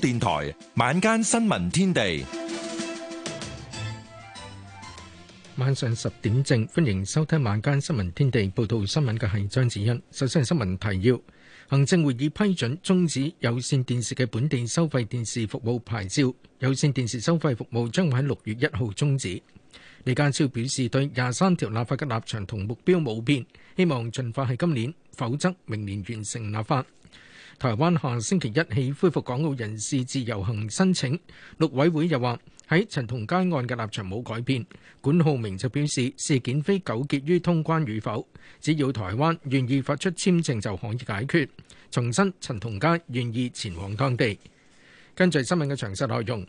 電台晚間新聞天地，晚上十點正，歡迎收聽晚間新聞天地。報道新聞嘅係張子欣。首先係新聞提要：行政會議批准終止有線電視嘅本地收費電視服務牌照，有線電視收費服務將會喺六月一號終止。李家超表示，對廿三條立法嘅立場同目標冇變，希望盡快喺今年，否則明年完成立法。台灣下星期一起恢復港澳人士自由行申請。陸委會又話，喺陳同佳案嘅立場冇改變。管浩鳴就表示，事件非糾結於通關與否，只要台灣願意發出簽證就可以解決。重申，陳同佳願意前往當地。根據新聞嘅詳細內容，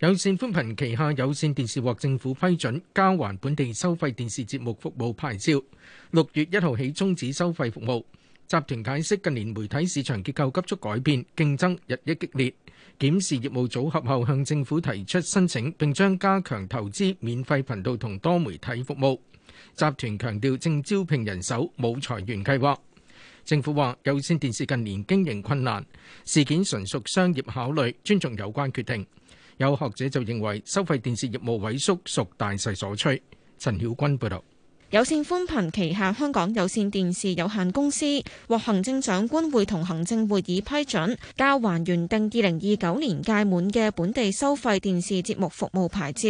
有線寬頻旗下有線電視獲政府批准交還本地收費電視節目服務牌照，六月一號起終止收費服務。集團解釋近年媒體市場結構急速改變，競爭日益激烈。檢視業務組合後，向政府提出申請，並將加強投資免費頻道同多媒體服務。集團強調正招聘人手，冇裁員計劃。政府話有線電視近年經營困難，事件純屬商業考慮，尊重有關決定。有學者就認為收費電視業務萎縮屬大勢所趨。陳曉君報導。有線寬頻旗下香港有線電視有限公司獲行政長官會同行政會議批准交還原定二零二九年屆滿嘅本地收費電視節目服務牌照，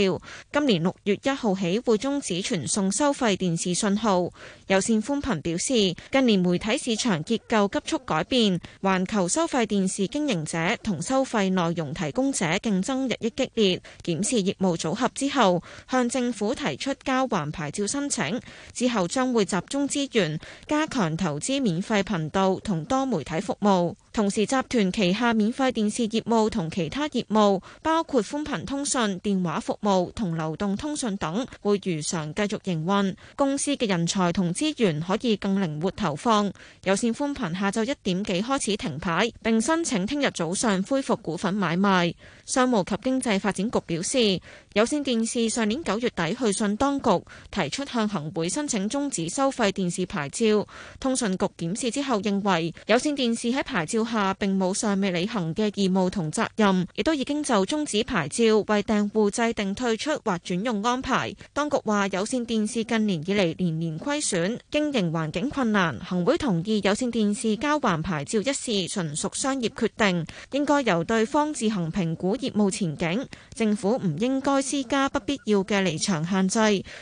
今年六月一號起會終止傳送收費電視訊號。有線寬頻表示，近年媒體市場結構急速改變，環球收費電視經營者同收費內容提供者競爭日益激烈，檢視業務組合之後，向政府提出交還牌照申請。之後將會集中資源，加強投資免費頻道同多媒體服務。同時集團旗下免費電視業務同其他業務，包括寬頻通訊電話服務同流動通訊等，會如常繼續營運。公司嘅人才同資源可以更靈活投放。有綫寬頻下晝一點幾開始停牌，並申請聽日早上恢復股份買賣。商務及經濟發展局表示，有綫電視上年九月底去信當局，提出向行會申請終止收費電視牌照。通訊局檢視之後認為有綫電視喺牌照。下並冇尚未履行嘅義務同責任，亦都已經就終止牌照為訂戶制定退出或轉用安排。當局話有線電視近年以嚟年年虧損，經營環境困難，行會同意有線電視交還牌照一事純屬商業決定，應該由對方自行評估業務前景。政府唔應該施加不必要嘅離場限制，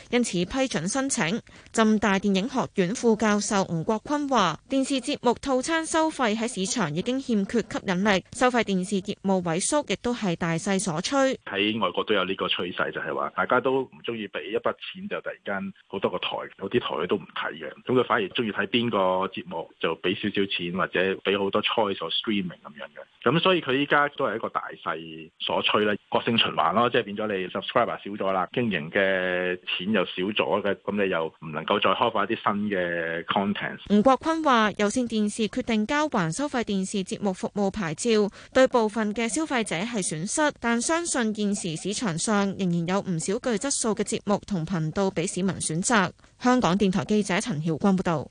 因此批準申請。浸大電影學院副教授吳國坤話電視節目套餐收費喺市場。已經欠缺吸引力，收費電視業務萎縮，亦都係大勢所趨。喺外國都有呢個趨勢，就係話大家都唔中意俾一筆錢就突然間好多個台，有啲台都唔睇嘅。咁佢反而中意睇邊個節目，就俾少少錢或者俾好多 choice 或 streaming 咁樣嘅。咁所以佢依家都係一個大勢所趨啦，惡性循環咯，即係變咗你 subscriber 少咗啦，經營嘅錢又少咗嘅，咁你又唔能夠再開發一啲新嘅 content。吳國坤話：有線電視決定交還收費電視電視節目服務牌照對部分嘅消費者係損失，但相信現時市場上仍然有唔少具質素嘅節目同頻道俾市民選擇。香港電台記者陳曉光報道。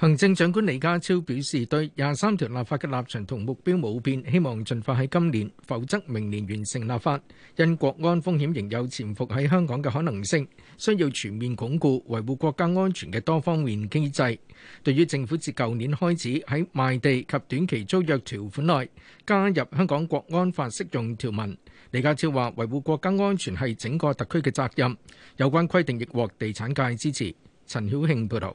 行政長官李家超表示，對廿三條立法嘅立場同目標冇變，希望盡快喺今年，否則明年完成立法。因國安風險仍有潛伏喺香港嘅可能性，需要全面鞏固維護國家安全嘅多方面機制。對於政府自舊年開始喺賣地及短期租約條款內加入香港國安法適用條文，李家超話：維護國家安全係整個特區嘅責任。有關規定亦獲地產界支持。陳曉慶報導。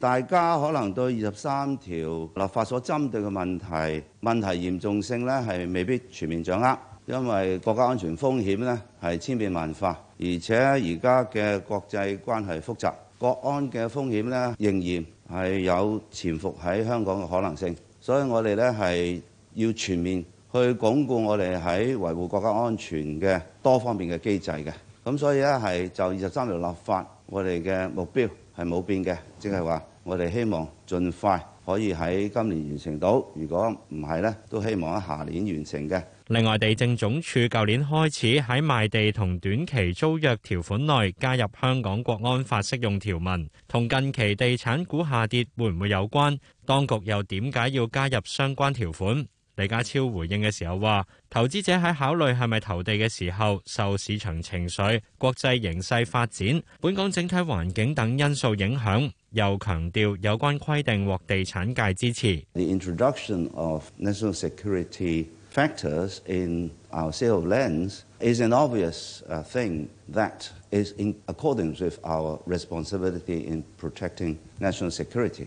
大家可能對二十三條立法所針對嘅問題、問題嚴重性呢，係未必全面掌握，因為國家安全風險呢係千變萬化，而且而家嘅國際關係複雜，國安嘅風險呢仍然係有潛伏喺香港嘅可能性，所以我哋呢係要全面去鞏固我哋喺維護國家安全嘅多方面嘅機制嘅。咁所以呢係就二十三條立法，我哋嘅目標，係冇變嘅，即係話我哋希望盡快可以喺今年完成到。如果唔係咧，都希望喺下年完成嘅。另外，地政總署舊年開始喺賣地同短期租約條款內加入香港國安法適用條文，同近期地產股下跌會唔會有關？當局又點解要加入相關條款？李家超回應嘅時候話，投資者喺考慮係咪投地嘅時候，受市場情緒、國際形勢發展、本港整體環境等因素影響，又強調有關規定獲地產界支持。The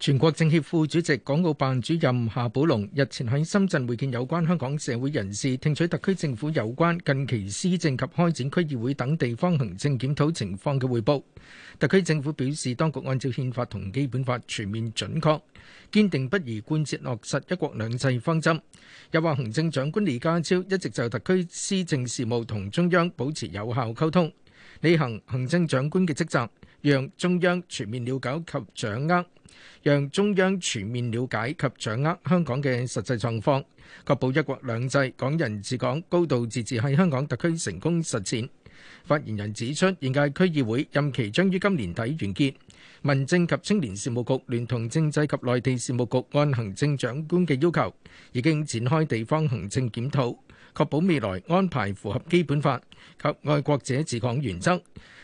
全國政協副主席、港澳辦主任夏寶龍日前喺深圳會見有關香港社會人士，聽取特區政府有關近期施政及開展區議會等地方行政檢討情況嘅匯報。特區政府表示，當局按照憲法同基本法全面準確、堅定不移貫徹落實一國兩制方針。又話行政長官李家超一直就特區施政事務同中央保持有效溝通，履行行政長官嘅職責。讓中央全面了解及掌握，讓中央全面了解及掌握香港嘅實際狀況，確保一國兩制、港人治港、高度自治喺香港特區成功實踐。發言人指出，現屆區議會任期將於今年底完結，民政及青年事務局聯同政制及內地事務局，按行政長官嘅要求，已經展開地方行政檢討，確保未來安排符合基本法及愛國者治港原則。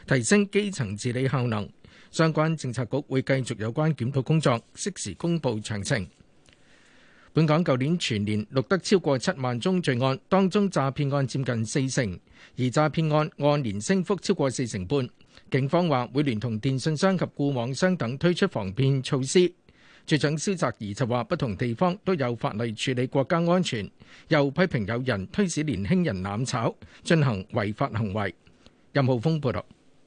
提升基層治理效能，相關政策局會繼續有關檢討工作，適時公布詳情。本港舊年全年錄得超過七萬宗罪案，當中詐騙案佔近四成，而詐騙案按年升幅超過四成半。警方話會聯同電信商及固網商等推出防騙措施。處長蕭澤頤就話，不同地方都有法例處理國家安全，又批評有人推使年輕人攬炒進行違法行為。任浩峰報道。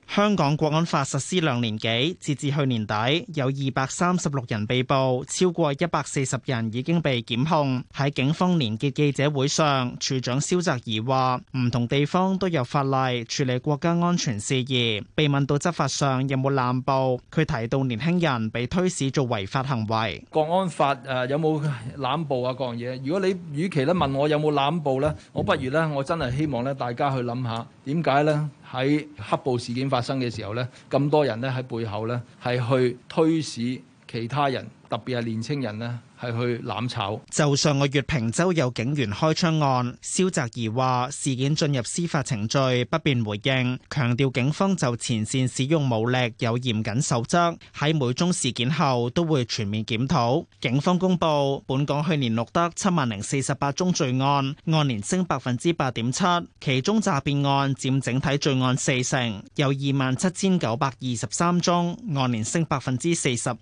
香港國安法實施兩年幾，截至去年底有二百三十六人被捕，超過一百四十人已經被檢控。喺警方連結記者會上，處長蕭澤頤話：唔同地方都有法例處理國家安全事宜。被問到執法上有冇濫捕，佢提到年輕人被推使做違法行為。國安法誒有冇濫捕啊？各樣嘢？如果你與其咧問我有冇濫捕呢？我不如呢，我真係希望咧大家去諗下點解呢。喺黑暴事件發生嘅時候咧，咁多人呢喺背後呢，係去推使其他人，特別係年青人呢。係去攬炒。就上個月坪洲有警員開槍案，蕭澤頤話事件進入司法程序，不便回應，強調警方就前線使用武力有嚴謹守則，喺每宗事件後都會全面檢討。警方公布本港去年錄得七萬零四十八宗罪案，按年升百分之八點七，其中詐騙案佔整體罪案四成，有二萬七千九百二十三宗，按年升百分之四十五。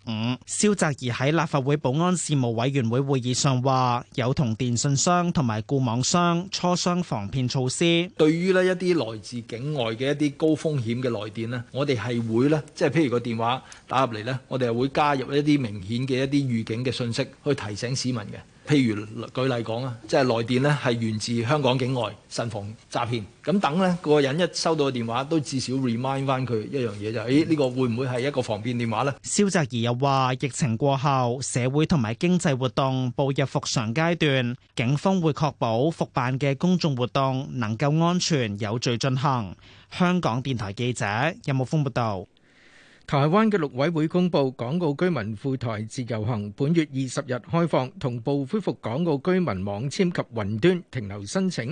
蕭澤頤喺立法會保安事務委員會會議上話，有同電信商同埋固網商磋商防騙措施。對於呢一啲來自境外嘅一啲高風險嘅來電呢，我哋係會咧，即係譬如個電話打入嚟呢，我哋係會加入一啲明顯嘅一啲預警嘅信息，去提醒市民嘅。譬如舉例講啊，即係來電呢係源自香港境外，慎防詐騙咁，等呢個人一收到電話，都至少 remind 翻佢一樣嘢就係：呢、哎呢個會唔會係一個防騙電話呢？」蕭澤怡又話：疫情過後，社會同埋經濟活動步入復常階段，警方會確保復辦嘅公眾活動能夠安全有序進行。香港電台記者任木峯報道。台灣嘅陸委會公布，港澳居民赴台自由行本月二十日開放，同步恢復港澳居民網簽及雲端停留申請。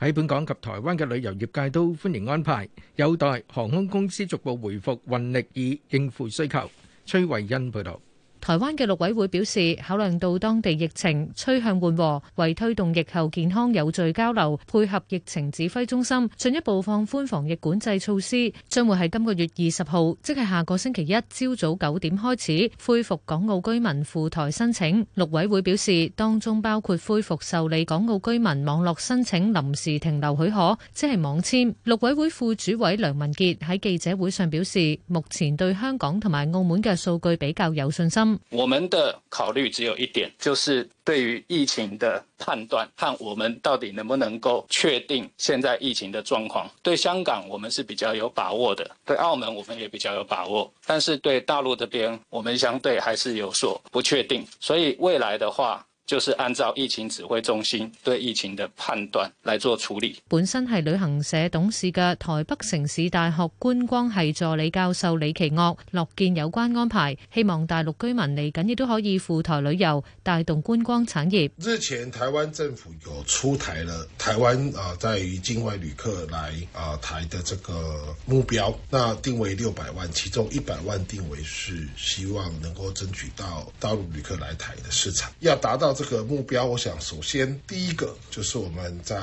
喺本港及台灣嘅旅遊業界都歡迎安排，有待航空公司逐步回復運力以應付需求。崔慧欣報道。台灣嘅陸委會表示，考量到當地疫情趨向緩和，為推動疫後健康有序交流，配合疫情指揮中心進一步放寬防疫管制措施，將會喺今個月二十號，即係下個星期一朝早九點開始，恢復港澳居民赴台申請。陸委會表示，當中包括恢復受理港澳居民網絡申請臨時停留許可，即係網簽。陸委會副主委梁文傑喺記者會上表示，目前對香港同埋澳門嘅數據比較有信心。我們的考慮只有一點，就是對於疫情的判斷，看我們到底能不能夠確定現在疫情的狀況。對香港，我們是比較有把握的；對澳門，我們也比較有把握。但是對大陸這邊，我們相對還是有所不確定。所以未來的話，就是按照疫情指揮中心對疫情的判斷來做處理。本身係旅行社董事嘅台北城市大學觀光系助理教授李奇岳，樂見有關安排，希望大陸居民嚟緊亦都可以赴台旅遊，帶動觀光產業。日前台灣政府有出台了台灣啊，在於境外旅客來啊台的這個目標，那定位六百萬，其中一百萬定為是希望能夠爭取到大陸旅客來台的市場，要達到。這個目標，我想首先第一個就是我們在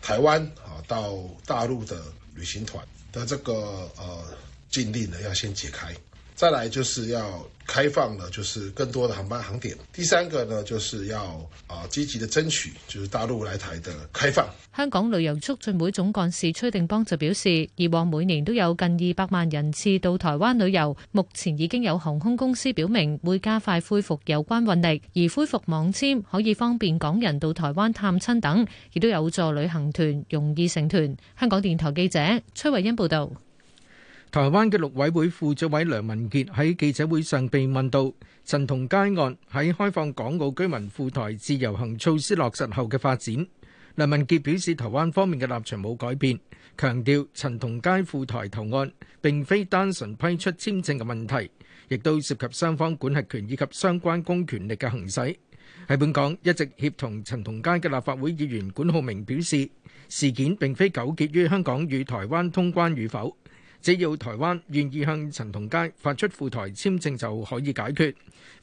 台灣啊到大陸的旅行團的這個呃禁令呢，要先解開。再來就是要開放呢，就是更多的航班航點。第三個呢，就是要啊積極的爭取，就是大陸來台的開放。香港旅遊促進會總幹事崔定邦就表示，以往每年都有近二百萬人次到台灣旅遊，目前已經有航空公司表明會加快恢復有關運力，而恢復網簽可以方便港人到台灣探親等，亦都有助旅行團容易成團。香港電台記者崔慧欣報道。台灣嘅陸委會副主委梁文傑喺記者會上被問到陳同佳案喺開放港澳居民赴台自由行措施落實後嘅發展，梁文傑表示，台灣方面嘅立場冇改變，強調陳同佳赴台投案並非單純批出簽證嘅問題，亦都涉及雙方管轄權以及相關公權力嘅行使。喺本港一直協同陳同佳嘅立法會議員管浩明表示，事件並非糾結於香港與台灣通關與否。只要台灣願意向陳同佳發出赴台簽證就可以解決，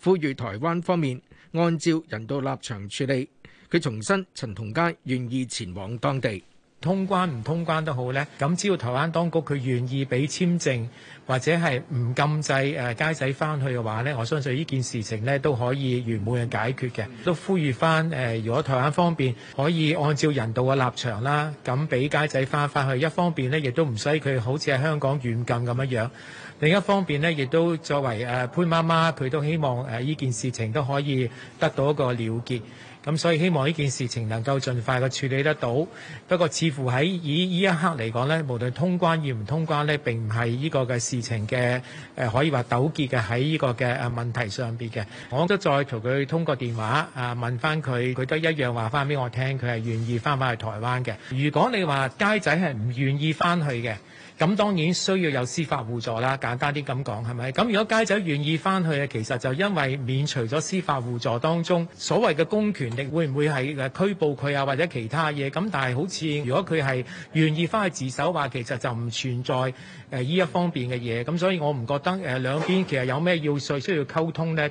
呼籲台灣方面按照人道立場處理。佢重申陳同佳願意前往當地。通關唔通關都好呢，咁只要台灣當局佢願意俾簽證，或者係唔禁制誒、呃、街仔翻去嘅話呢，我相信呢件事情呢都可以完滿嘅解決嘅。都呼籲翻誒、呃，如果台灣方面，可以按照人道嘅立場啦，咁俾街仔翻翻去。一方面呢，亦都唔使佢好似喺香港軟禁咁樣樣；另一方面呢，亦都作為誒、呃、潘媽媽，佢都希望誒呢、呃、件事情都可以得到一個了結。咁、嗯、所以希望呢件事情能夠盡快嘅處理得到。不過似乎喺以呢一刻嚟講咧，無論通關與唔通關咧，並唔係呢個嘅事情嘅、誒、呃、可以話糾結嘅喺呢個嘅誒、啊、問題上邊嘅。我都再同佢通過電話啊，問翻佢，佢都一樣話翻俾我聽，佢係願意翻返去台灣嘅。如果你話街仔係唔願意翻去嘅。咁當然需要有司法互助啦，簡單啲咁講係咪？咁如果街仔願意翻去，其實就因為免除咗司法互助當中所謂嘅公權力，會唔會係誒拘捕佢啊或者其他嘢？咁但係好似如果佢係願意翻去自首話，其實就唔存在呢、呃、一方面嘅嘢。咁所以我唔覺得、呃、兩邊其實有咩要碎需要溝通咧。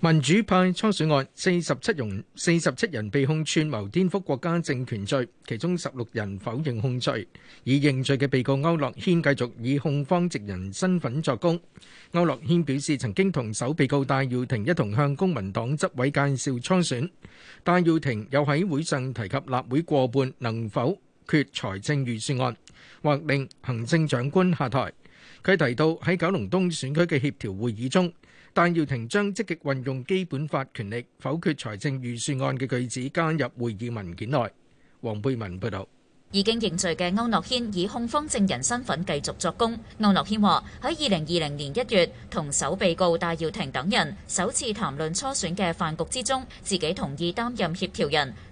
民主派初選案，四十七容四十七人被控串謀顛覆國家政權罪，其中十六人否認控罪，已認罪嘅被告區諾軒繼續以控方證人身份作供。區諾軒表示，曾經同首被告戴耀廷一同向公民黨執委介紹初選，戴耀廷又喺會上提及立會過半能否決財政預算案，或令行政長官下台。佢提到喺九龍東選區嘅協調會議中，戴耀廷將積極運用基本法權力否決財政預算案嘅句子加入會議文件內。黃貝文報道。已經認罪嘅歐諾軒以控方證人身份繼續作供。歐諾軒話喺二零二零年一月同首被告戴耀廷等人首次談論初選嘅飯局之中，自己同意擔任協調人。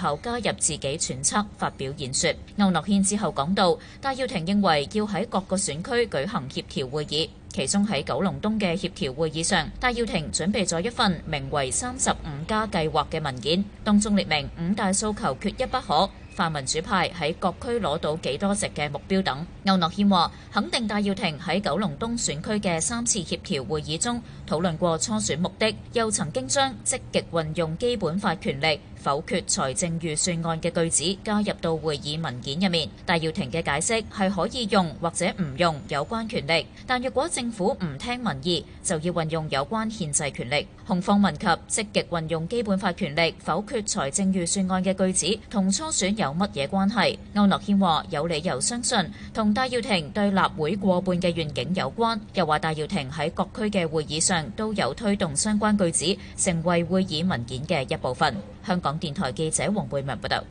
後加入自己揣測發表演說，區諾軒之後講到，戴耀廷認為要喺各個選區舉行協調會議，其中喺九龍東嘅協調會議上，戴耀廷準備咗一份名為《三十五加計劃》嘅文件，當中列明五大訴求缺一不可，泛民主派喺各區攞到幾多席嘅目標等。區諾軒話，肯定戴耀廷喺九龍東選區嘅三次協調會議中討論過初選目的，又曾經將積極運用基本法權力。否決財政預算案嘅句子加入到會議文件入面，戴耀廷嘅解釋係可以用或者唔用有關權力，但若果政府唔聽民意，就要運用有關憲制權力。控方問及積極運用基本法權力否決財政預算案嘅句子同初選有乜嘢關係？歐諾軒話有理由相信同戴耀廷對立會過半嘅願景有關，又話戴耀廷喺各區嘅會議上都有推動相關句子成為會議文件嘅一部分。香港。香港電台記者黃貝文報道：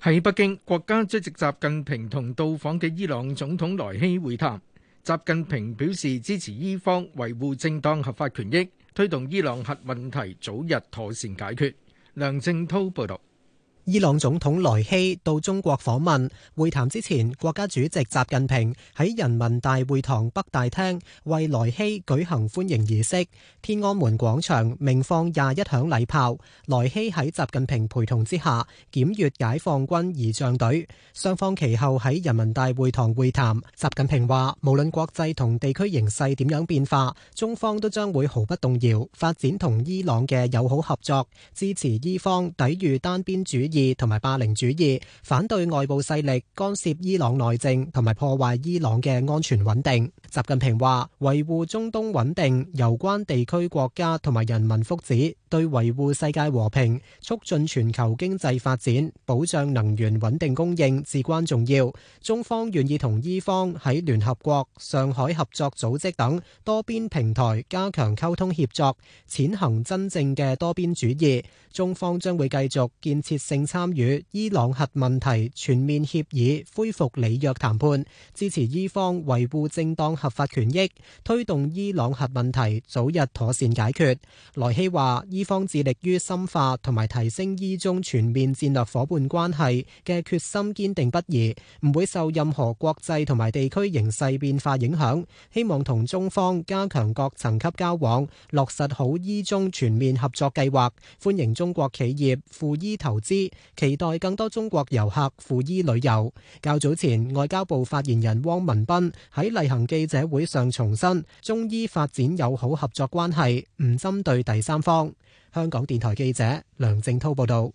喺北京，國家主席習近平同到訪嘅伊朗總統萊希會談。習近平表示支持伊方維護正當合法權益，推動伊朗核問題早日妥善解決。梁正濤報道。伊朗總統萊希到中國訪問，會談之前，國家主席習近平喺人民大會堂北大廳為萊希舉行歡迎儀式，天安門廣場鳴放廿一響禮炮。萊希喺習近平陪同之下檢閱解放軍儀仗隊，雙方其後喺人民大會堂會談。習近平話：無論國際同地區形勢點樣變化，中方都將會毫不動搖發展同伊朗嘅友好合作，支持伊方抵禦單邊主義同埋霸凌主義，反對外部勢力干涉伊朗內政，同埋破壞伊朗嘅安全穩定。習近平話，維護中東穩定，攸關地區國家同埋人民福祉。對維護世界和平、促進全球經濟發展、保障能源穩定供應至關重要。中方願意同伊方喺聯合國、上海合作組織等多邊平台加強溝通協作，踐行真正嘅多邊主義。中方將會繼續建設性參與伊朗核問題全面協議恢復履約談判，支持伊方維護正當合法權益，推動伊朗核問題早日妥善解決。萊希話：伊方致力於深化同埋提升伊中全面戰略夥伴關係嘅決心堅定不移，唔會受任何國際同埋地區形勢變化影響。希望同中方加強各層級交往，落實好伊中全面合作計劃，歡迎中國企業赴伊投資，期待更多中國遊客赴伊旅遊。較早前，外交部發言人汪文斌喺例行記者會上重申，中伊發展友好合作關係唔針對第三方。香港電台記者梁正濤報道，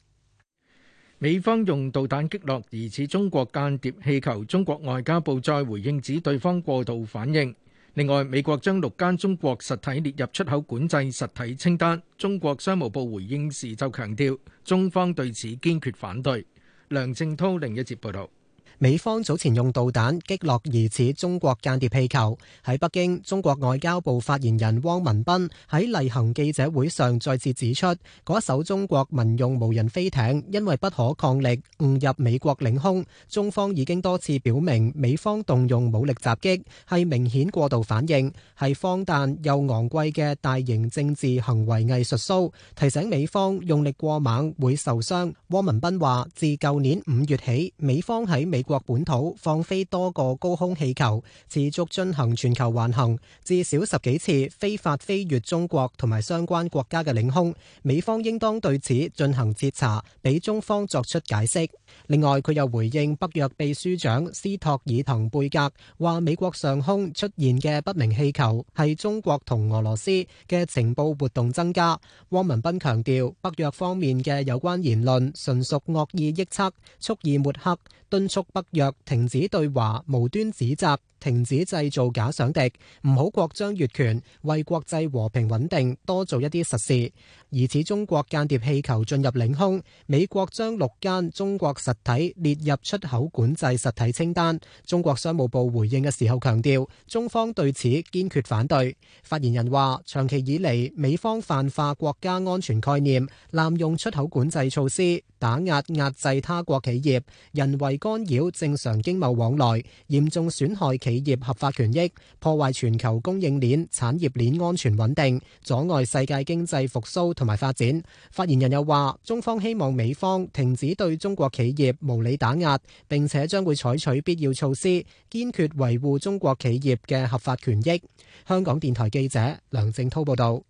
美方用導彈擊落疑似中國間諜氣球，中國外交部再回應指對方過度反應。另外，美國將六間中國實體列入出口管制實體清單，中國商務部回應時就強調，中方對此堅決反對。梁正濤另一節報道。美方早前用導彈擊落疑似中國間諜氣球。喺北京，中國外交部發言人汪文斌喺例行記者會上再次指出，嗰艘中國民用無人飛艇因為不可抗力誤入美國領空。中方已經多次表明，美方動用武力襲擊係明顯過度反應，係荒誕又昂貴嘅大型政治行為藝術 show，提醒美方用力過猛會受傷。汪文斌話，自舊年五月起，美方喺美國本土放飛多個高空氣球，持續進行全球環行，至少十幾次非法飛越中國同埋相關國家嘅領空。美方應當對此進行徹查，俾中方作出解釋。另外，佢又回應北約秘書長斯托爾滕貝格話：美國上空出現嘅不明氣球係中國同俄羅斯嘅情報活動增加。汪文斌強調，北約方面嘅有關言論純屬惡意臆測，蓄意抹黑，敦促。北約停止對華無端指責。停止製造假想敵，唔好擴張越權，為國際和平穩定多做一啲實事。疑似中國間諜氣球進入領空，美國將六間中國實體列入出口管制實體清單。中國商務部回應嘅時候強調，中方對此堅決反對。發言人話：長期以嚟，美方泛化國家安全概念，濫用出口管制措施，打壓壓制他國企業，人為干擾正常經貿往來，嚴重損害企。企業合法權益，破壞全球供應鏈產業鏈安全穩定，阻礙世界經濟復甦同埋發展。發言人又話，中方希望美方停止對中國企業無理打壓，並且將會採取必要措施，堅決維護中國企業嘅合法權益。香港電台記者梁正濤報道。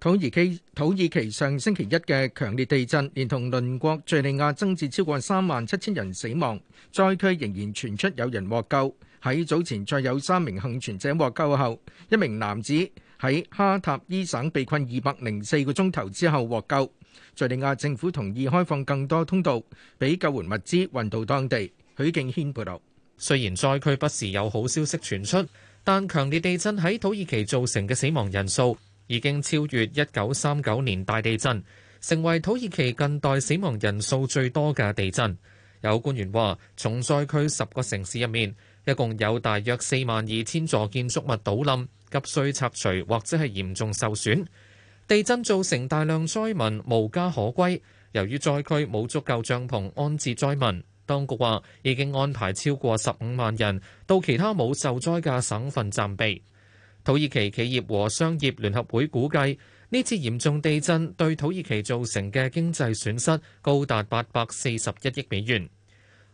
土耳其，土耳其上星期一嘅強烈地震，連同鄰國敘利亞，增至超過三萬七千人死亡，災區仍然傳出有人獲救。喺早前再有三名倖存者獲救後，一名男子喺哈塔伊省被困二百零四個鐘頭之後獲救。敘利亞政府同意開放更多通道，俾救援物資運到當地。許敬軒報道。雖然災區不時有好消息傳出，但強烈地震喺土耳其造成嘅死亡人數已經超越一九三九年大地震，成為土耳其近代死亡人數最多嘅地震。有官員話，重災區十個城市入面，一共有大約四萬二千座建築物倒冧，急需拆除或者係嚴重受損，地震造成大量災民無家可歸，由於災區冇足夠帳篷安置災民，當局話已經安排超過十五萬人到其他冇受災嘅省份暫避。土耳其企業和商業聯合會估計，呢次嚴重地震對土耳其造成嘅經濟損失高達八百四十一億美元。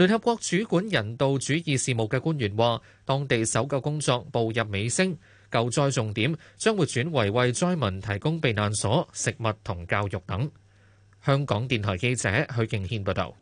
聯合國主管人道主義事務嘅官員話：當地搜救工作步入尾聲，救災重點將會轉為為災民提供避難所、食物同教育等。香港電台記者許敬軒報導。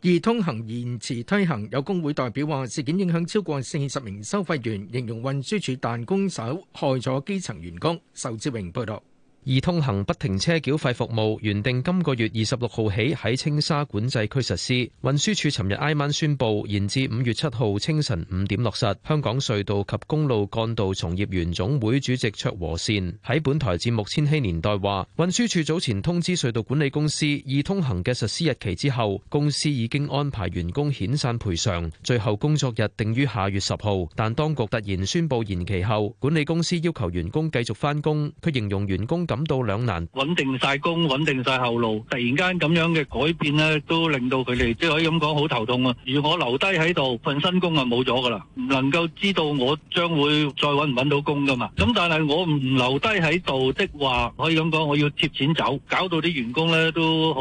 易通行延遲推行，有工會代表話事件影響超過四十名收費員，形容運輸署彈弓手害咗基層員工。仇志榮報導。易通行不停車繳費服務原定今個月二十六號起喺青沙管制區實施，運輸署尋日挨晚宣布延至五月七號清晨五點落實。香港隧道及公路幹道從業員總會主席卓和善喺本台節目《千禧年代》話，運輸署早前通知隧道管理公司易通行嘅實施日期之後，公司已經安排員工遣散賠償，最後工作日定於下月十號，但當局突然宣布延期後，管理公司要求員工繼續翻工，佢形容員工。感到兩難，穩定晒工，穩定晒後路，突然間咁樣嘅改變咧，都令到佢哋即係可以咁講好頭痛啊！如果留低喺度份新工啊，冇咗噶啦，唔能夠知道我將會再搵唔搵到工噶嘛？咁但係我唔留低喺度的話，可以咁講，我要貼錢走，搞到啲員工咧都好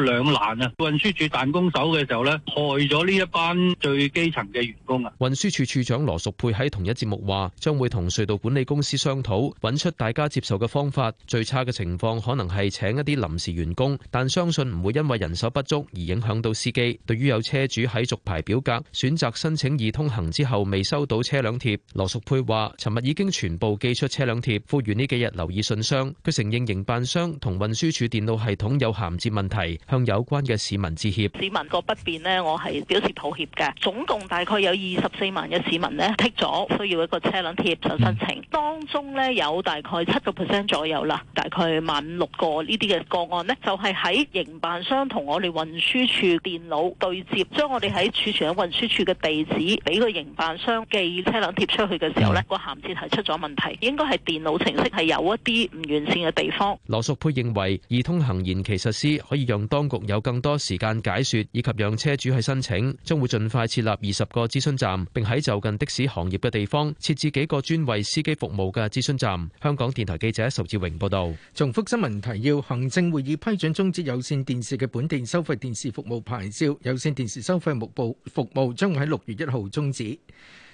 兩難啊！運輸署彈弓手嘅時候咧，害咗呢一班最基層嘅員工啊！運輸署署長羅淑佩喺同一節目話，將會同隧道管理公司商討，揾出大家接受嘅方法。最差嘅情況可能係請一啲臨時員工，但相信唔會因為人手不足而影響到司機。對於有車主喺續牌表格選擇申請易通行之後未收到車輛貼，羅淑佩話，尋日已經全部寄出車輛貼，呼籲呢幾日留意信箱。佢承認營辦商同運輸署電腦系統有銜接問題，向有關嘅市民致歉。市民個不便呢，我係表示抱歉嘅。總共大概有二十四萬嘅市民呢，剔咗需要一個車輛貼上申請，當中呢，有大概七個 percent 左右啦。大概萬六個呢啲嘅個案呢，就係喺營辦商同我哋運輸處電腦對接，將我哋喺儲存喺運輸處嘅地址俾個營辦商寄車輛貼出去嘅時候呢個銜接係出咗問題，應該係電腦程式係有一啲唔完善嘅地方。羅淑佩認為，二通行延期實施，可以讓當局有更多時間解説，以及讓車主去申請，將會盡快設立二十個諮詢站，並喺就近的士行業嘅地方設置幾個專為司機服務嘅諮詢站。香港電台記者仇志榮報道。重複新聞提要：行政會議批准終止有線電視嘅本地收費電視服務牌照，有線電視收費節目服務將喺六月一號終止。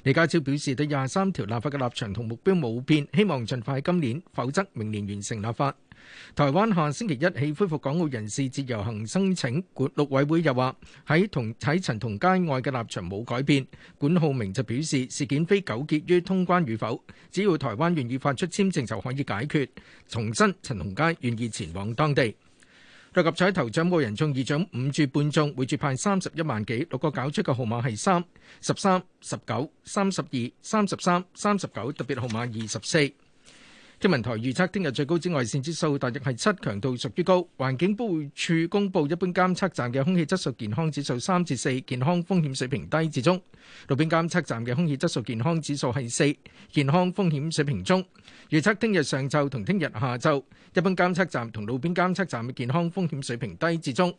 李家超表示，對廿三條立法嘅立場同目標冇變，希望盡快喺今年，否則明年完成立法。台灣下星期一起恢復港澳人士自由行申請，管陸委會又話喺同喺陳同佳外嘅立場冇改變。管浩明就表示事件非糾結於通關與否，只要台灣願意發出簽證就可以解決。重申陳同佳願意前往當地。六合彩頭獎個人中二獎五注半中，每注派三十一萬幾。六個搞出嘅號碼係三、十三、十九、三十二、三十三、三十九，特別號碼二十四。天文台預測聽日最高紫外線指數大約係七，強度屬於高。環境保護署公布一般監測站嘅空氣質素健康指數三至四，健康風險水平低至中。路邊監測站嘅空氣質素健康指數係四，健康風險水平中。預測聽日上晝同聽日下晝，一般監測站同路邊監測站嘅健康風險水平低至中。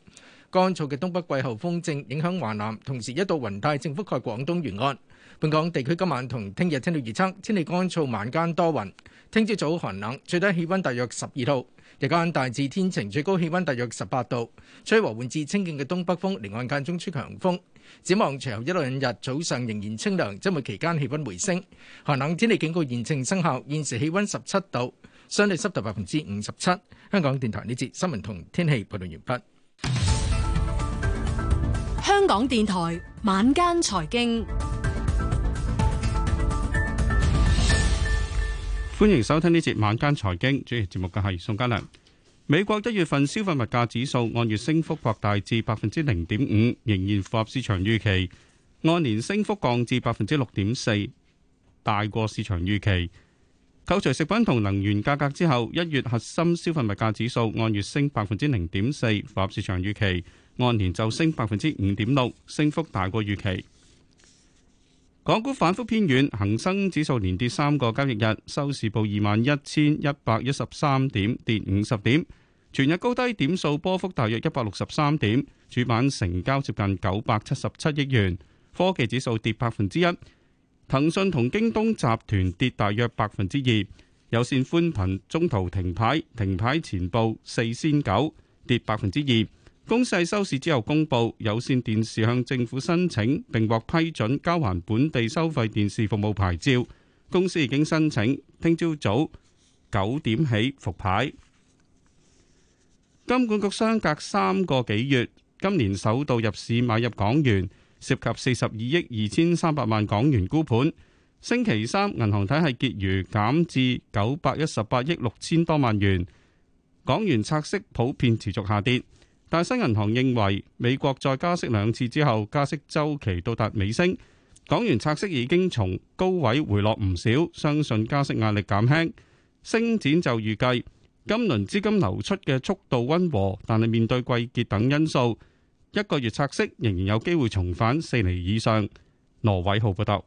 乾燥嘅東北季候風正影響華南，同時一道雲帶正覆蓋廣東沿岸。本港地區今晚同聽日天氣預測，天氣乾燥，晚間多雲，聽朝早寒冷，最低氣温大約十二度，日間大致天晴，最高氣温大約十八度，吹和緩至清勁嘅東北風，離岸間中吹強風。展望隨後一兩日早上仍然清涼，周末期間氣温回升。寒冷天氣警告現正生效，現時氣温十七度，相對濕度百分之五十七。香港電台呢節新聞同天氣報導完畢。香港電台晚間財經，歡迎收聽呢節晚間財經，主持節目嘅係宋嘉良。美國一月份消費物價指數按月升幅擴大至百分之零點五，仍然符合市場預期；按年升幅降至百分之六點四，大過市場預期。扣除食品同能源價格之後，一月核心消費物價指數按月升百分之零點四，符合市場預期。按年就升百分之五點六，升幅大過預期。港股反覆偏軟，恒生指數連跌三個交易日，收市報二萬一千一百一十三點，跌五十點。全日高低點數波幅大約一百六十三點，主板成交接近九百七十七億元。科技指數跌百分之一，騰訊同京東集團跌大約百分之二。有線寬頻中途停牌，停牌前報四千九，跌百分之二。公司喺收市之後公布，有線電視向政府申請，並獲批准交還本地收費電視服務牌照。公司已經申請，聽朝早九點起復牌。金管局相隔三個幾月，今年首度入市買入港元，涉及四十二億二千三百萬港元沽盤。星期三，銀行體系結餘減至九百一十八億六千多萬元，港元拆息普遍持續下跌。大新銀行認為，美國再加息兩次之後，加息周期到達尾聲，港元拆息已經從高位回落唔少，相信加息壓力減輕。星展就預計今輪資金流出嘅速度溫和，但係面對季結等因素，一個月拆息仍然有機會重返四厘以上。羅偉浩報道，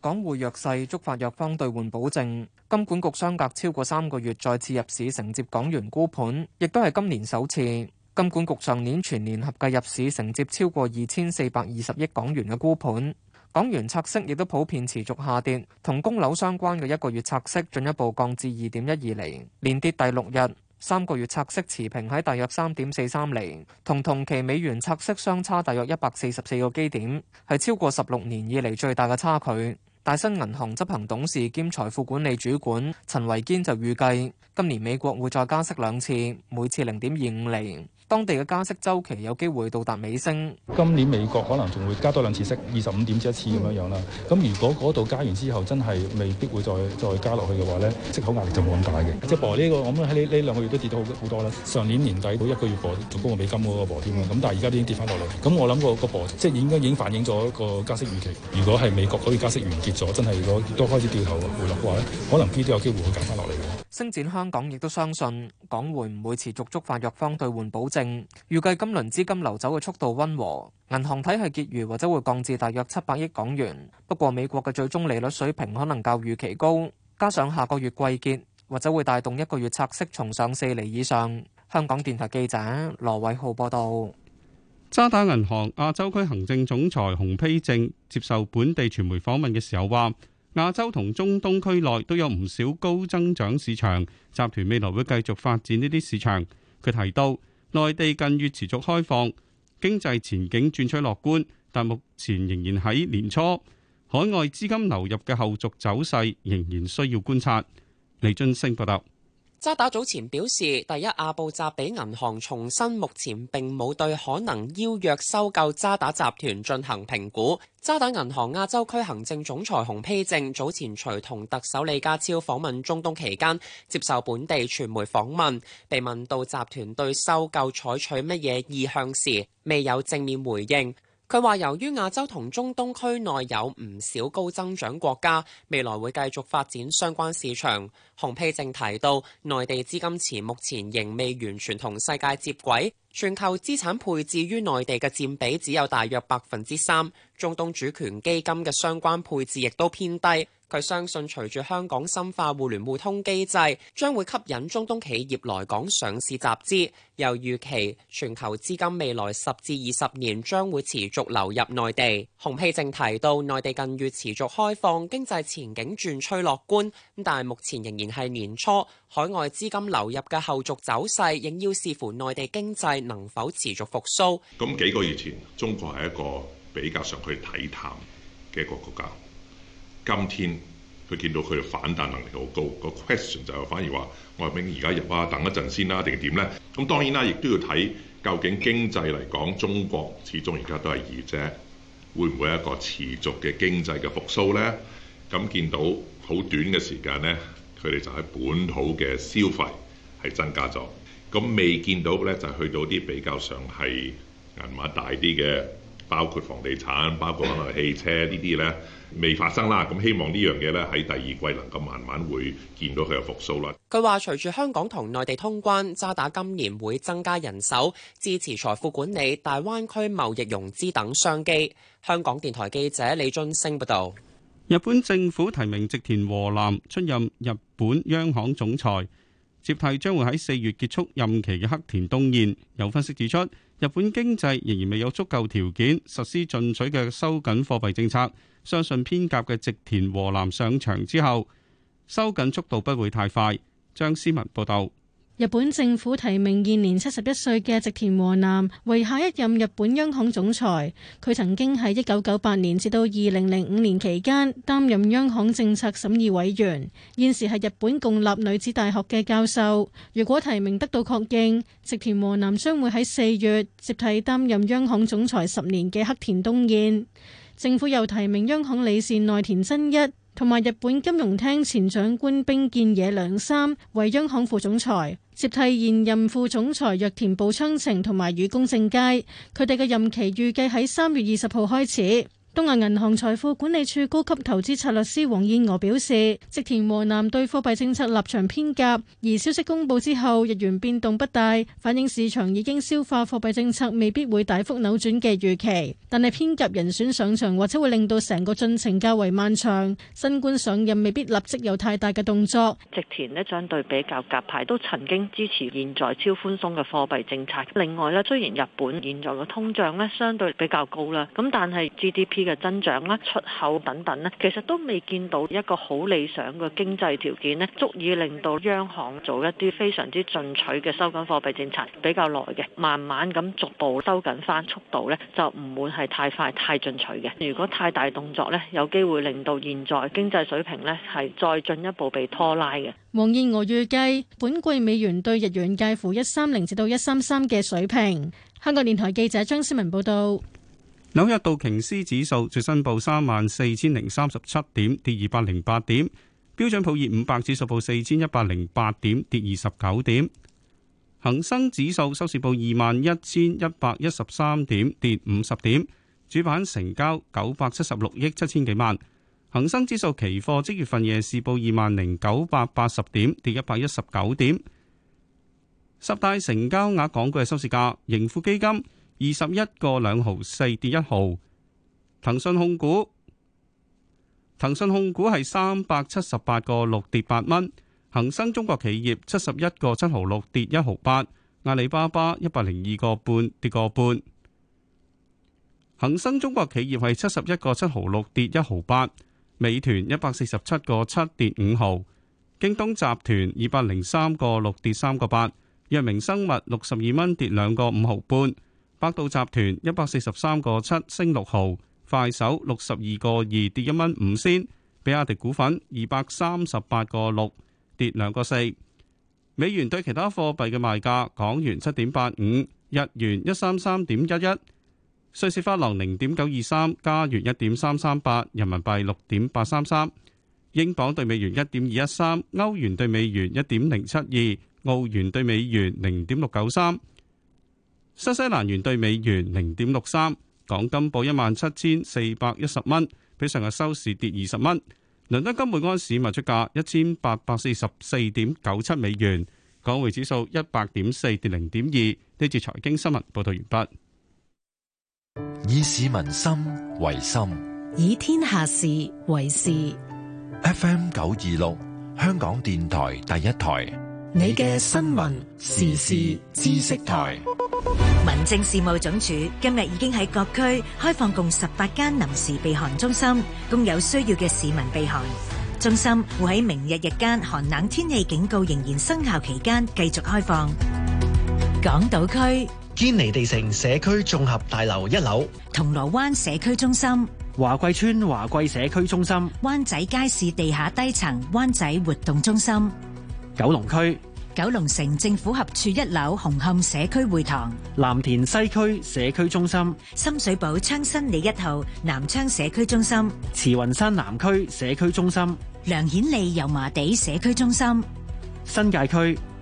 港匯弱勢觸發弱方兌換保證，金管局相隔超過三個月再次入市承接港元沽盤，亦都係今年首次。金管局上年全年合計入市承接超過二千四百二十億港元嘅沽盤，港元拆息亦都普遍持續下跌，同供樓相關嘅一個月拆息進一步降至二點一二厘，連跌第六日；三個月拆息持平喺大約三點四三厘，同同期美元拆息相差大約一百四十四個基點，係超過十六年以嚟最大嘅差距。大新銀行執行董事兼財富管理主管陳維堅就預計今年美國會再加息兩次，每次零點二五厘。當地嘅加息周期有機會到達尾聲。今年美國可能仲會加多兩次息，二十五點至一次咁樣樣啦。咁如果嗰度加完之後真係未必會再再加落去嘅話咧，息口壓力就冇咁大嘅。即係呢、呢個，我諗喺呢呢兩個月都跌到好好多啦。上年年底到一個月博仲高過美金嗰個博添啊。咁但係而家都已經跌翻落嚟。咁我諗個個博即係已經已經反映咗一個加息預期。如果係美國嗰個加息完結咗，真係如果都開始掉頭回落嘅話咧，可能呢啲都有機會會減翻落嚟。星展香港亦都相信港匯唔會持續觸發弱方兌換保證，預計今輪資金流走嘅速度溫和，銀行體系結餘或者會降至大約七百億港元。不過美國嘅最終利率水平可能較預期高，加上下個月季結，或者會帶動一個月拆息重上四厘以上。香港電台記者羅偉浩報道。渣打銀行亞洲區行政總裁洪丕正接受本地傳媒訪問嘅時候話。亞洲同中東區內都有唔少高增長市場，集團未來會繼續發展呢啲市場。佢提到，內地近月持續開放，經濟前景轉趨樂觀，但目前仍然喺年初，海外資金流入嘅後續走勢仍然需要觀察。李津升報道。渣打早前表示，第一阿布扎比銀行重申目前並冇對可能邀約收購渣打集團進行評估。渣打銀行亞洲區行政總裁洪丕正早前隨同特首李家超訪問中東期間接受本地傳媒訪問，被問到集團對收購採取乜嘢意向時未有正面回應。佢話：他由於亞洲同中東區內有唔少高增長國家，未來會繼續發展相關市場。洪丕正提到，內地資金池目前仍未完全同世界接軌，全球資產配置於內地嘅佔比只有大約百分之三，中東主權基金嘅相關配置亦都偏低。佢相信，隨住香港深化互聯互通機制，將會吸引中東企業來港上市集資，又預期全球資金未來十至二十年將會持續流入內地。洪熙正提到，內地近月持續開放經濟前景，轉趨樂觀，但係目前仍然係年初海外資金流入嘅後續走勢仍要視乎內地經濟能否持續復甦，咁幾個月前，中國係一個比較上可以睇淡嘅一個國家。今天佢見到佢反彈能力好高，個 question 就反而話：我係咪而家入啊？等一陣先啦，定係點呢？咁當然啦，亦都要睇究竟經濟嚟講，中國始終而家都係二者，會唔會一個持續嘅經濟嘅復甦呢？咁見到好短嘅時間呢，佢哋就喺本土嘅消費係增加咗。咁未見到呢，就去到啲比較上係銀碼大啲嘅。包括房地產、包括可能汽車呢啲呢未發生啦。咁希望呢樣嘢呢喺第二季能夠慢慢會見到佢有復甦啦。佢話：隨住香港同內地通關，渣打今年會增加人手，支持財富管理、大灣區貿易融資等商機。香港電台記者李津星報道：「日本政府提名直田和男出任日本央行總裁，接替將會喺四月結束任期嘅黑田東彥。」有分析指出。日本經濟仍然未有足夠條件實施進取嘅收緊貨幣政策，相信偏鴿嘅直田和男上場之後，收緊速度不會太快。張思文報導。日本政府提名現年七十一歲嘅植田和男為下一任日本央行總裁。佢曾經喺一九九八年至到二零零五年期間擔任央行政策審議委員，現時係日本共立女子大學嘅教授。如果提名得到確認，植田和男將會喺四月接替擔任央行總裁十年嘅黑田東彥。政府又提名央行理事內田真一同埋日本金融廳前長官冰見野良三為央行副總裁。接替現任副總裁若田部昌澄同埋雨宮正佳，佢哋嘅任期預計喺三月二十號開始。東亞銀行財富管理處高級投資策略師黃燕娥表示，植田和男對貨幣政策立場偏鴿，而消息公布之後日元變動不大，反映市場已經消化貨幣政策未必會大幅扭轉嘅預期。但係偏鴿人選上場或者會令到成個進程較為漫長。新官上任未必立即有太大嘅動作。植田呢，相對比較鴿派，都曾經支持現在超寬鬆嘅貨幣政策。另外呢，雖然日本現在嘅通脹呢，相對比較高啦，咁但係 GDP 嘅增長啦、出口等等咧，其實都未見到一個好理想嘅經濟條件咧，足以令到央行做一啲非常之進取嘅收緊貨幣政策比較耐嘅，慢慢咁逐步收緊翻速度呢，就唔會係太快太進取嘅。如果太大動作呢，有機會令到現在經濟水平呢係再進一步被拖拉嘅。黃燕娥預計，本季美元對日元介乎一三零至到一三三嘅水平。香港電台記者張思文報道。紐約道瓊斯指數最新報三萬四千零三十七點，跌二百零八點；標準普爾五百指數報四千一百零八點，跌二十九點；恒生指數收市報二萬一千一百一十三點，跌五十點。主板成交九百七十六億七千幾萬。恒生指數期貨即月份夜市報二萬零九百八十點，跌一百一十九點。十大成交額港股嘅收市價，盈富基金。二十一個兩毫四跌一毫，騰訊控股騰訊控股係三百七十八個六跌八蚊，恒生中國企業七十一個七毫六跌一毫八，阿里巴巴一百零二個半跌個半，恒生中國企業係七十一個七毫六跌一毫八，美團一百四十七個七跌五毫，京東集團二百零三個六跌三個八，藥明生物六十二蚊跌兩個五毫半。百度集團一百四十三個七升六毫，快手六十二個二跌一蚊五仙，比亞迪股份二百三十八個六跌兩個四。美元對其他貨幣嘅賣價：港元七點八五，日元一三三點一一，瑞士法郎零點九二三，加元一點三三八，人民幣六點八三三，英鎊對美元一點二一三，歐元對美元一點零七二，澳元對美元零點六九三。新西蘭元兌美元零點六三，港金報一萬七千四百一十蚊，比上日收市跌二十蚊。倫敦金每盎司賣出價一千八百四十四點九七美元，港匯指數一百點四跌零點二。呢次財經新聞報道完畢。以市民心為心，以天下事為事。FM 九二六，香港電台第一台。你嘅新聞時事知識台，民政事務總署今日已經喺各區開放共十八間臨時避寒中心，供有需要嘅市民避寒。中心會喺明日日間寒冷天氣警告仍然生效期間繼續開放。港島區堅尼地城社區綜合大樓一樓，銅鑼灣社區中心，華貴村華貴社區中心，灣仔街市地下低層灣仔活動中心。九龍區九龍城政府合署一樓、紅磡社區會堂、藍田西區社區中心、深水埗昌新里一號南昌社區中心、慈雲山南區社區中心、梁顯利油麻地社區中心、新界區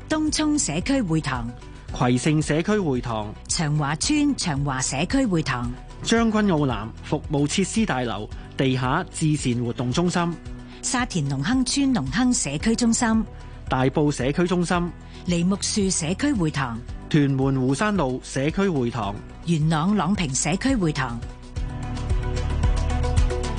東涌社區會堂、葵盛社區會堂、長華村長華社區會堂、將軍澳南服務設施大樓地下自善活動中心、沙田龍亨村龍亨社區中心、大埔社區中心、梨木樹社區會堂、屯門湖山路社區會堂、元朗朗屏社區會堂，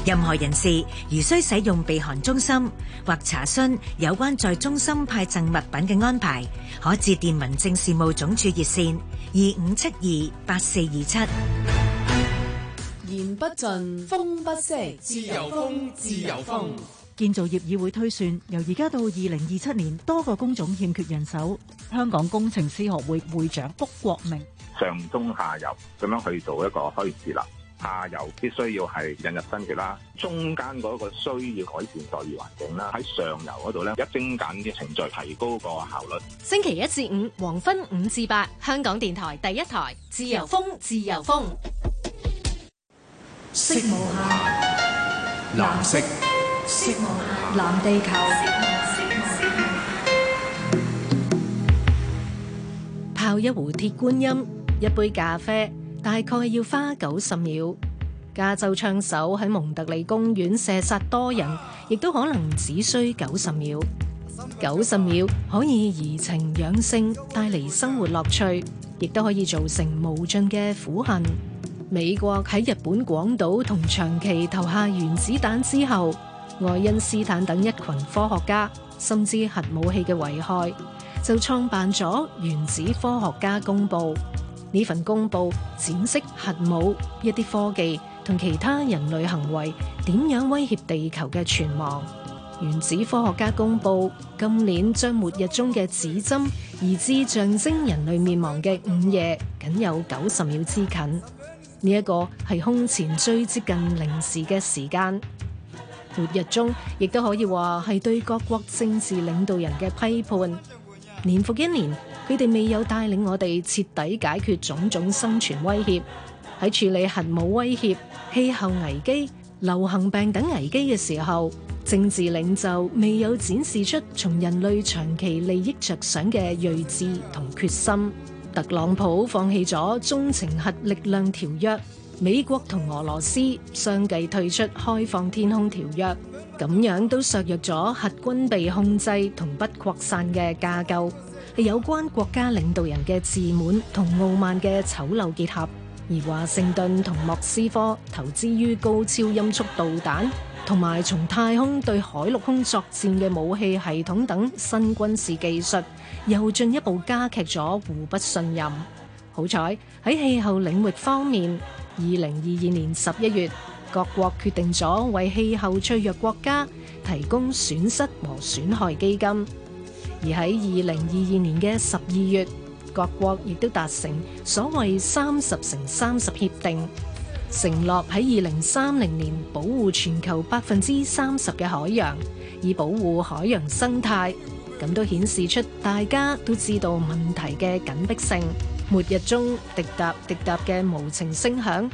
任何人士如需使用避寒中心或查詢有關在中心派贈物品嘅安排，可致電民政事務總署熱線二五七二八四二七。言不盡，風不息，自由風，自由風。建造業議會推算，由而家到二零二七年，多個工種欠缺人手。香港工程師學會會長卜國明：上中下游咁樣去做一個開始啦，下游必須要係引入新血啦，中間嗰個需要改善待遇環境啦，喺上游嗰度咧，一精簡嘅程序，提高個效率。星期一至五黃昏五至八，香港電台第一台自由風，自由風色無限藍色。藍地球，泡一壺鐵觀音，一杯咖啡，大概要花九十秒。加州槍手喺蒙特利公園射殺多人，亦都可能只需九十秒。九十秒可以怡情養性，帶嚟生活樂趣，亦都可以造成無盡嘅苦恨。美國喺日本廣島同長崎投下原子彈之後，愛因斯坦等一群科學家，深知核武器嘅危害，就創辦咗《原子科學家公報》呢份公報，展示核武，一啲科技同其他人類行為點樣威脅地球嘅存亡。原子科學家公報今年將末日中嘅指針，移至象徵人類滅亡嘅午夜，僅有九十秒之近。呢、這、一個係空前最接近零時嘅時間。末日中，亦都可以話係對各國政治領導人嘅批判。年復一年，佢哋未有帶領我哋徹底解決種種生存威脅。喺處理核武威脅、氣候危機、流行病等危機嘅時候，政治領袖未有展示出從人類長期利益著想嘅睿智同決心。特朗普放棄咗《中程核力量條約》。美國同俄羅斯相繼退出《開放天空條約》，咁樣都削弱咗核軍備控制同不擴散嘅架構，係有關國家領導人嘅自滿同傲慢嘅醜陋結合。而華盛頓同莫斯科投資於高超音速導彈同埋從太空對海陸空作戰嘅武器系統等新軍事技術，又進一步加劇咗互不信任。好彩喺氣候領域方面，二零二二年十一月，各國決定咗為氣候脆弱國家提供損失和損害基金；而喺二零二二年嘅十二月，各國亦都達成所謂三十乘三十協定，承諾喺二零三零年保護全球百分之三十嘅海洋，以保護海洋生態。咁都顯示出大家都知道問題嘅緊迫性。末日中滴答滴答嘅無情聲響。